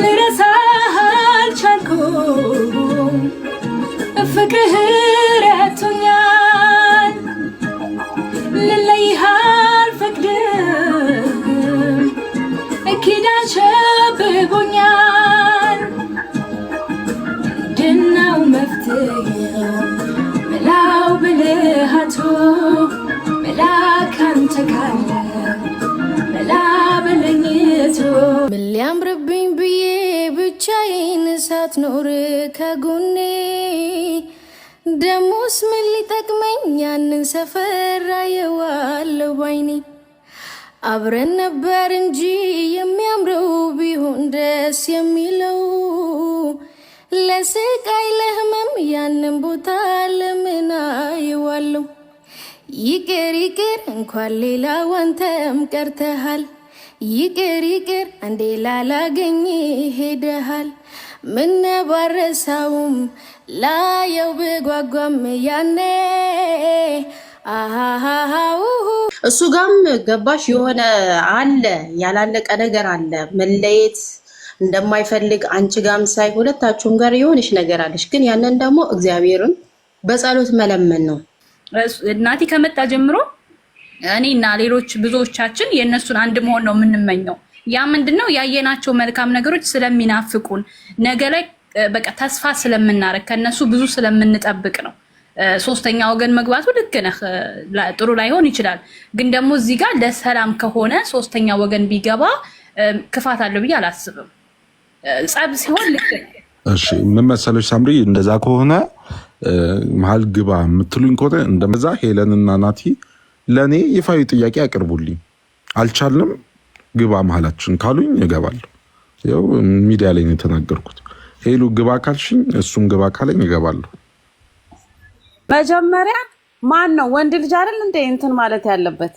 ልረሳህ አልቻልኩም ፍቅርህ ረቶኛል ልለይህ አልፈቅድም ኪዳን አሸብቦኛል ድናው መፍትሄው መላው ብልሃቱ መላ ካንተ ጋር ሳትኖር ከጎኔ ደሞስ ምን ሊጠቅመኝ ያንን ሰፈር አየዋለሁ ባይኔ። አብረን ነበር እንጂ የሚያምረው ቢሆን ደስ የሚለው ለስቃይ ለህመም ያንን ቦታ ለምን አየዋለሁ? ይቅር ይቅር እንኳን ሌላ ዋንተም ቀርተሃል። ይቅር ይቅር እንዴ ላላገኝ ሄደሃል። ምነው ባረሳውም ላየው ብጓጓም ያኔ እሱ ጋም ገባሽ የሆነ አለ ያላለቀ ነገር አለ መለየት እንደማይፈልግ አንቺ ጋም ሳይ ሁለታችሁም ጋር የሆነሽ ነገር አለሽ። ግን ያንን ደግሞ እግዚአብሔርን በጸሎት መለመን ነው። እናቴ ከመጣ ጀምሮ እኔ እና ሌሎች ብዙዎቻችን የእነሱን አንድ መሆን ነው የምንመኘው። ያ ምንድነው ያየናቸው መልካም ነገሮች ስለሚናፍቁን ነገ ላይ በቃ ተስፋ ስለምናረግ ከነሱ ብዙ ስለምንጠብቅ ነው። ሶስተኛ ወገን መግባቱ ልክ ነህ፣ ጥሩ ላይሆን ይችላል። ግን ደግሞ እዚህ ጋር ለሰላም ከሆነ ሶስተኛ ወገን ቢገባ ክፋት አለው ብዬ አላስብም። ጸብ ሲሆን ልክ እሺ ምን መሰለሽ ሳምሪ፣ እንደዛ ከሆነ መሀል ግባ የምትሉኝ ከሆነ እንደዛ ሄለንና ናቲ ለእኔ ይፋዊ ጥያቄ አቅርቡልኝ። አልቻልንም ግባ መሀላችን ካሉኝ እገባለሁ። ያው ሚዲያ ላይ ነው የተናገርኩት። ሄሉ ግባ ካልሽኝ እሱም ግባ ካለኝ እገባለሁ። መጀመሪያ ማን ነው ወንድ ልጅ አይደል እንደ እንትን ማለት ያለበት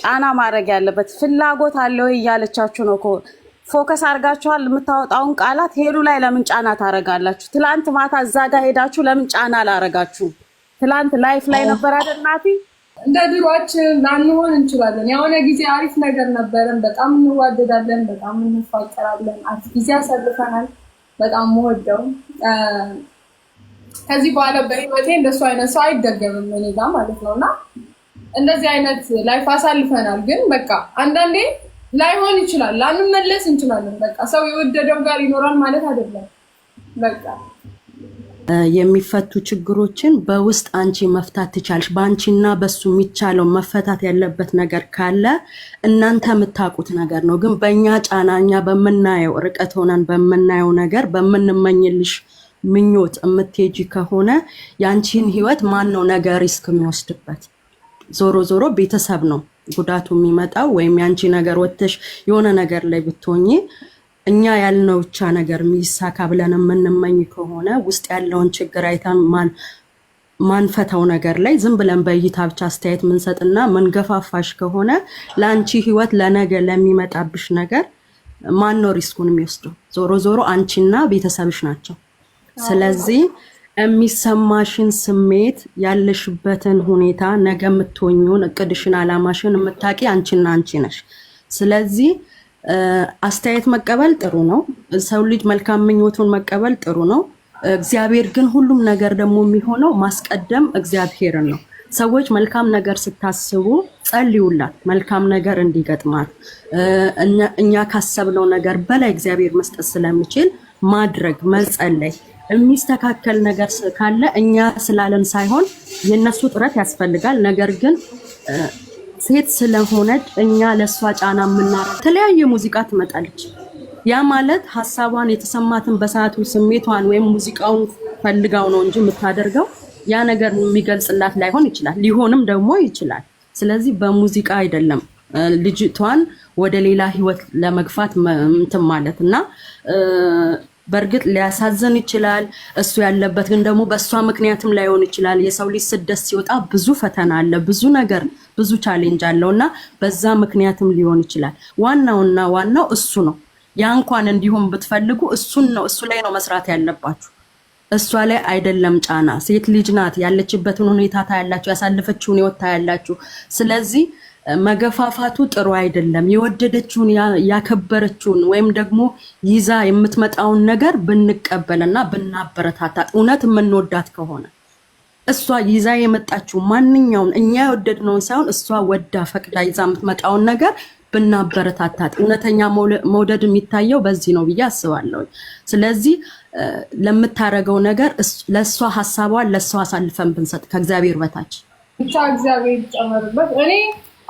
ጫና ማድረግ ያለበት ፍላጎት አለው እያለቻችሁ ነው። ፎከስ አድርጋችኋል። የምታወጣውን ቃላት ሄሉ ላይ ለምን ጫና ታደርጋላችሁ? ትላንት ማታ እዛ ጋር ሄዳችሁ ለምን ጫና አላረጋችሁ? ትላንት ላይፍ ላይ ነበር አይደል እንደ ድሯችን ላንሆን እንችላለን። የሆነ ጊዜ አሪፍ ነገር ነበረን። በጣም እንዋደዳለን፣ በጣም እንፋቀራለን። አሪፍ ጊዜ አሳልፈናል። በጣም መወደው ከዚህ በኋላ በህይወቴ እንደሱ አይነት ሰው አይደገምም እኔ ጋ ማለት ነው። እና እንደዚህ አይነት ላይፍ አሳልፈናል። ግን በቃ አንዳንዴ ላይሆን ይችላል፣ ላንመለስ እንችላለን። በቃ ሰው የወደደው ጋር ይኖራል ማለት አይደለም በቃ የሚፈቱ ችግሮችን በውስጥ አንቺ መፍታት ትቻለሽ። በአንቺና በሱ የሚቻለው መፈታት ያለበት ነገር ካለ እናንተ የምታውቁት ነገር ነው። ግን በእኛ ጫና እኛ በምናየው ርቀት ሆነን በምናየው ነገር በምንመኝልሽ ምኞት የምትሄጂ ከሆነ የአንቺን ህይወት ማን ነው ነገር ሪስክ የሚወስድበት? ዞሮ ዞሮ ቤተሰብ ነው ጉዳቱ የሚመጣው። ወይም የአንቺ ነገር ወጥተሽ የሆነ ነገር ላይ ብትሆኚ እኛ ያልነው ብቻ ነገር የሚሳካ ብለን የምንመኝ ከሆነ ውስጥ ያለውን ችግር አይተን ማንፈተው ነገር ላይ ዝም ብለን በእይታ ብቻ አስተያየት ምንሰጥና ምንገፋፋሽ ከሆነ ለአንቺ ህይወት ለነገ ለሚመጣብሽ ነገር ማን ነው ሪስኩን የሚወስደው? ዞሮ ዞሮ አንቺና ቤተሰብሽ ናቸው። ስለዚህ የሚሰማሽን ስሜት ያለሽበትን ሁኔታ ነገ የምትሆኙን እቅድሽን፣ አላማሽን የምታቂ አንቺና አንቺ ነሽ። ስለዚህ አስተያየት መቀበል ጥሩ ነው። ሰው ልጅ መልካም ምኞቱን መቀበል ጥሩ ነው። እግዚአብሔር ግን ሁሉም ነገር ደግሞ የሚሆነው ማስቀደም እግዚአብሔርን ነው። ሰዎች መልካም ነገር ስታስቡ ጸልዩላት፣ መልካም ነገር እንዲገጥማት እኛ ካሰብነው ነገር በላይ እግዚአብሔር መስጠት ስለሚችል ማድረግ መጸለይ የሚስተካከል ነገር ካለ እኛ ስላለን ሳይሆን የእነሱ ጥረት ያስፈልጋል። ነገር ግን ሴት ስለሆነች እኛ ለእሷ ጫና የምናረ የተለያየ ሙዚቃ ትመጣለች። ያ ማለት ሀሳቧን የተሰማትን በሰዓቱ ስሜቷን ወይም ሙዚቃውን ፈልጋው ነው እንጂ የምታደርገው ያ ነገር የሚገልጽላት ላይሆን ይችላል፣ ሊሆንም ደግሞ ይችላል። ስለዚህ በሙዚቃ አይደለም ልጅቷን ወደ ሌላ ህይወት ለመግፋት እንትን ማለት እና በእርግጥ ሊያሳዝን ይችላል። እሱ ያለበት ግን ደግሞ በእሷ ምክንያትም ላይሆን ይችላል። የሰው ልጅ ስደት ሲወጣ ብዙ ፈተና አለ፣ ብዙ ነገር፣ ብዙ ቻሌንጅ አለው እና በዛ ምክንያትም ሊሆን ይችላል። ዋናውና ዋናው እሱ ነው። ያ እንኳን እንዲሁም ብትፈልጉ እሱን ነው እሱ ላይ ነው መስራት ያለባችሁ እሷ ላይ አይደለም ጫና። ሴት ልጅ ናት። ያለችበትን ሁኔታ ታያላችሁ፣ ያሳለፈችውን ህይወት ታያላችሁ። ስለዚህ መገፋፋቱ ጥሩ አይደለም። የወደደችውን ያከበረችውን ወይም ደግሞ ይዛ የምትመጣውን ነገር ብንቀበልና ብናበረታታት እውነት የምንወዳት ከሆነ እሷ ይዛ የመጣችው ማንኛውን እኛ የወደድነውን ሳይሆን እሷ ወዳ ፈቅዳ ይዛ የምትመጣውን ነገር ብናበረታታት እውነተኛ መውደድ የሚታየው በዚህ ነው ብዬ አስባለሁ። ስለዚህ ለምታደርገው ነገር ለእሷ ሀሳቧን ለእሷ አሳልፈን ብንሰጥ ከእግዚአብሔር በታች ብቻ እግዚአብሔር ይጨመርበት እኔ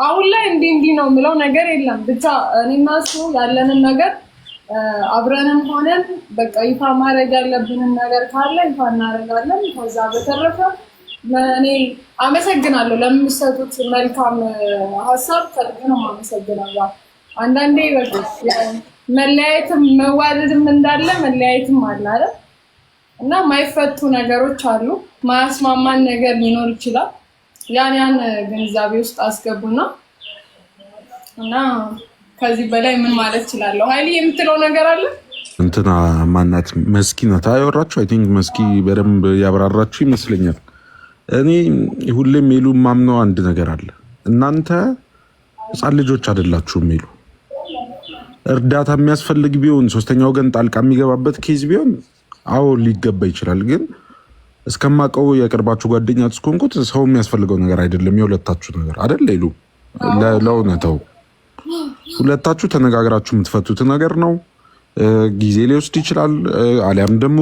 አሁን ላይ እንዲህ እንዲህ ነው የምለው ነገር የለም። ብቻ እኔና እሱ ያለንን ነገር አብረንም ሆነን በቃ ይፋ ማድረግ ያለብንን ነገር ካለ ይፋ እናደርጋለን። ከዛ በተረፈ እኔ አመሰግናለሁ ለምሰጡት መልካም ሀሳብ ነው አመሰግናለሁ። አንዳንዴ መለያየትም መዋደድም እንዳለ መለያየትም አለ አይደል? እና ማይፈቱ ነገሮች አሉ። ማያስማማን ነገር ሊኖር ይችላል ያን ያን ግንዛቤ ውስጥ አስገቡና እና ከዚህ በላይ ምን ማለት እችላለሁ? ሀይሌ የምትለው ነገር አለ። እንትና ማናት መስኪ ናት ያወራችሁ። አይ ቲንክ መስኪ በደንብ ያብራራችሁ ይመስለኛል። እኔ ሁሌም ሜሉ ማምነው አንድ ነገር አለ። እናንተ ህፃን ልጆች አይደላችሁም ሜሉ። እርዳታ የሚያስፈልግ ቢሆን ሶስተኛ ወገን ጣልቃ የሚገባበት ኬዝ ቢሆን አዎ ሊገባ ይችላል ግን እስከማቀው የቅርባችሁ ጓደኛ እስከሆንኩት ሰው የሚያስፈልገው ነገር አይደለም። የሁለታችሁ ነገር አደለ ይሉ ለእውነተው ሁለታችሁ ተነጋግራችሁ የምትፈቱት ነገር ነው። ጊዜ ሊወስድ ይችላል። አሊያም ደግሞ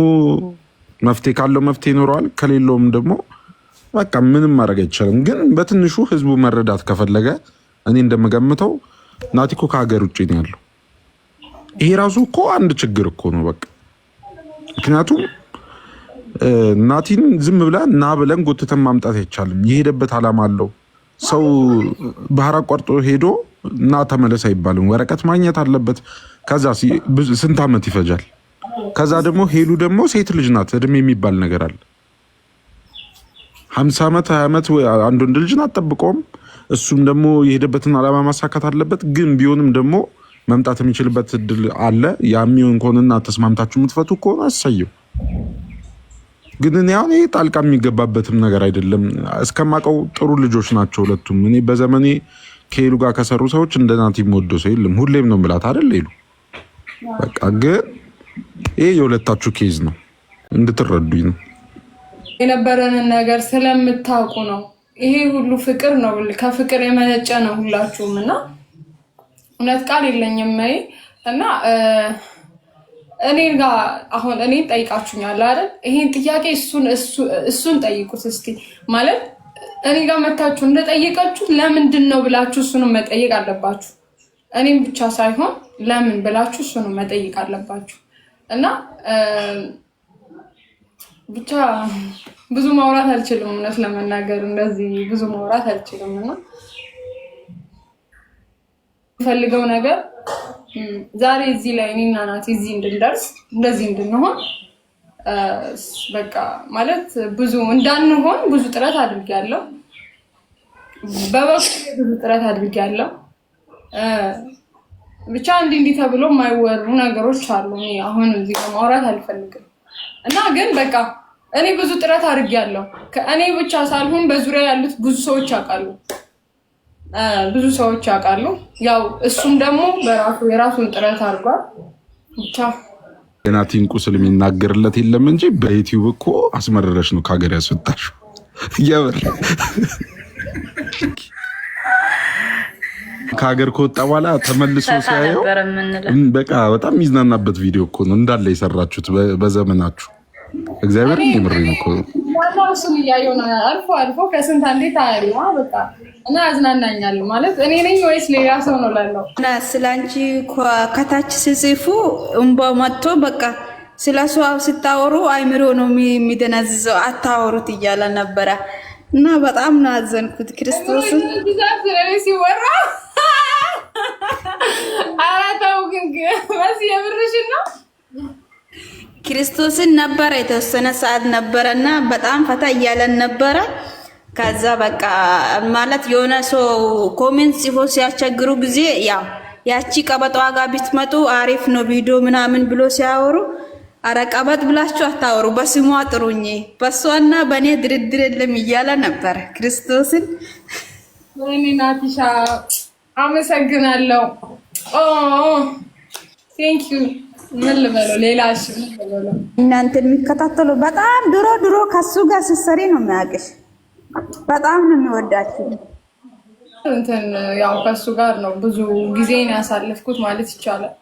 መፍትሄ ካለው መፍትሄ ይኖረዋል፣ ከሌለውም ደግሞ በቃ ምንም ማድረግ አይቻልም። ግን በትንሹ ህዝቡ መረዳት ከፈለገ እኔ እንደምገምተው ናቲኮ ከሀገር ውጭ ነው ያለው። ይሄ ራሱ እኮ አንድ ችግር እኮ ነው በቃ ምክንያቱም ናቲን ዝም ብላ ና ብለን ጎትተን ማምጣት አይቻልም። የሄደበት ዓላማ አለው። ሰው ባህር አቋርጦ ሄዶ እና ተመለስ አይባልም። ወረቀት ማግኘት አለበት። ከዛ ስንት ዓመት ይፈጃል። ከዛ ደግሞ ሄሉ ደግሞ ሴት ልጅ ናት። እድሜ የሚባል ነገር አለ። ሀምሳ ዓመት ሀያ ዓመት አንድ ወንድ ልጅን አጠብቆም እሱም ደግሞ የሄደበትን ዓላማ ማሳካት አለበት። ግን ቢሆንም ደግሞ መምጣት የሚችልበት እድል አለ። ያ የሚሆን ከሆነና ተስማምታችሁ የምትፈቱ ከሆነ አሳየው። ግን እኔ አሁን ይሄ ጣልቃ የሚገባበትም ነገር አይደለም። እስከማውቀው ጥሩ ልጆች ናቸው ሁለቱም። እኔ በዘመኔ ከሄሉ ጋር ከሰሩ ሰዎች እንደ ናቲ ሰው የለም። ሁሌም ነው ምላት አደል ሄሉ። በቃ ግን ይሄ የሁለታችሁ ኬዝ ነው፣ እንድትረዱኝ ነው። የነበረንን ነገር ስለምታውቁ ነው። ይሄ ሁሉ ፍቅር ነው፣ ከፍቅር የመነጨ ነው ሁላችሁም። እና እውነት ቃል የለኝም እና እኔ ጋር አሁን እኔን ጠይቃችሁኛል አይደል? ይሄን ጥያቄ እሱን ጠይቁት እስቲ ማለት እኔ ጋር መታችሁ እንደጠየቃችሁ ለምንድን ነው ብላችሁ እሱንም መጠየቅ አለባችሁ። እኔም ብቻ ሳይሆን ለምን ብላችሁ እሱንም መጠየቅ አለባችሁ። እና ብቻ ብዙ ማውራት አልችልም፣ እውነት ለመናገር እንደዚህ ብዙ ማውራት አልችልም እና የምፈልገው ነገር ዛሬ እዚህ ላይ እኔና ናት እዚህ እንድንደርስ እንደዚህ እንድንሆን በቃ ማለት ብዙ እንዳንሆን ብዙ ጥረት አድርጌያለሁ። በበኩ ብዙ ጥረት አድርጌያለሁ። ብቻ እንዲህ እንዲህ ተብሎ የማይወሩ ነገሮች አሉ። እኔ አሁን እዚህ ማውራት አልፈልግም እና ግን በቃ እኔ ብዙ ጥረት አድርጌያለሁ። ከእኔ ብቻ ሳልሆን በዙሪያ ያሉት ብዙ ሰዎች ያውቃሉ። ብዙ ሰዎች ያውቃሉ። ያው እሱም ደግሞ በራሱ የራሱን ጥረት አድርጓል። ብቻ የናቲን ቁስል የሚናገርለት የለም እንጂ በዩቲዩብ እኮ አስመረረሽ ነው ከሀገር ያስወጣሽ የምር ከሀገር ከወጣ በኋላ ተመልሶ ሲያየው በቃ በጣም የሚዝናናበት ቪዲዮ እኮ ነው እንዳለ የሰራችሁት በዘመናችሁ። እግዚአብሔር ይምር እኮ ዋናው እሱን እያየሁ ነው። አልፎ አልፎ ከስንት አንዴ ታያለህ። በቃ እና አዝናናኛል ማለት እኔ ነኝ ወይስ ሌላ ሰው ነው ላለው እና ስለ አንቺ ከታች ስጽፉ እንባ መጥቶ በቃ ስለ እሷ ስታወሩ አይምሮ ነው የሚደነዝዘው። አታወሩት እያለ ነበረ እና በጣም ነው አዘንኩት። ክርስቶስን ብዛት ሲወራ አራታው ግን መስ የምርሽን ነው ክርስቶስን ነበረ የተወሰነ ሰዓት ነበረና በጣም ፈታ እያለን ነበረ። ከዛ በቃ ማለት የሆነ ሰው ኮሜንት ጽፎ ሲያስቸግሩ ጊዜ ያው ያቺ ቀበጧ ዋጋ ቢትመጡ አሪፍ ነው ቪዲዮ ምናምን ብሎ ሲያወሩ አረ ቀበጥ ብላችሁ አታወሩ፣ በስሟ ጥሩኝ፣ በሷና በእኔ ድርድር የለም እያለ ነበረ ክርስቶስን። ወይኔ አመሰግናለሁ። ቴንክ ዩ ምን ልበለው ሌላ እሺ፣ ምን ልበለው እናንተን የሚከታተሉ በጣም ድሮ ድሮ ከሱ ጋር ስትሰሪ ነው የሚያውቅሽ። በጣም ነው የሚወዳችሁ። እንትን ያው ከሱ ጋር ነው ብዙ ጊዜን ያሳለፍኩት ማለት ይቻላል።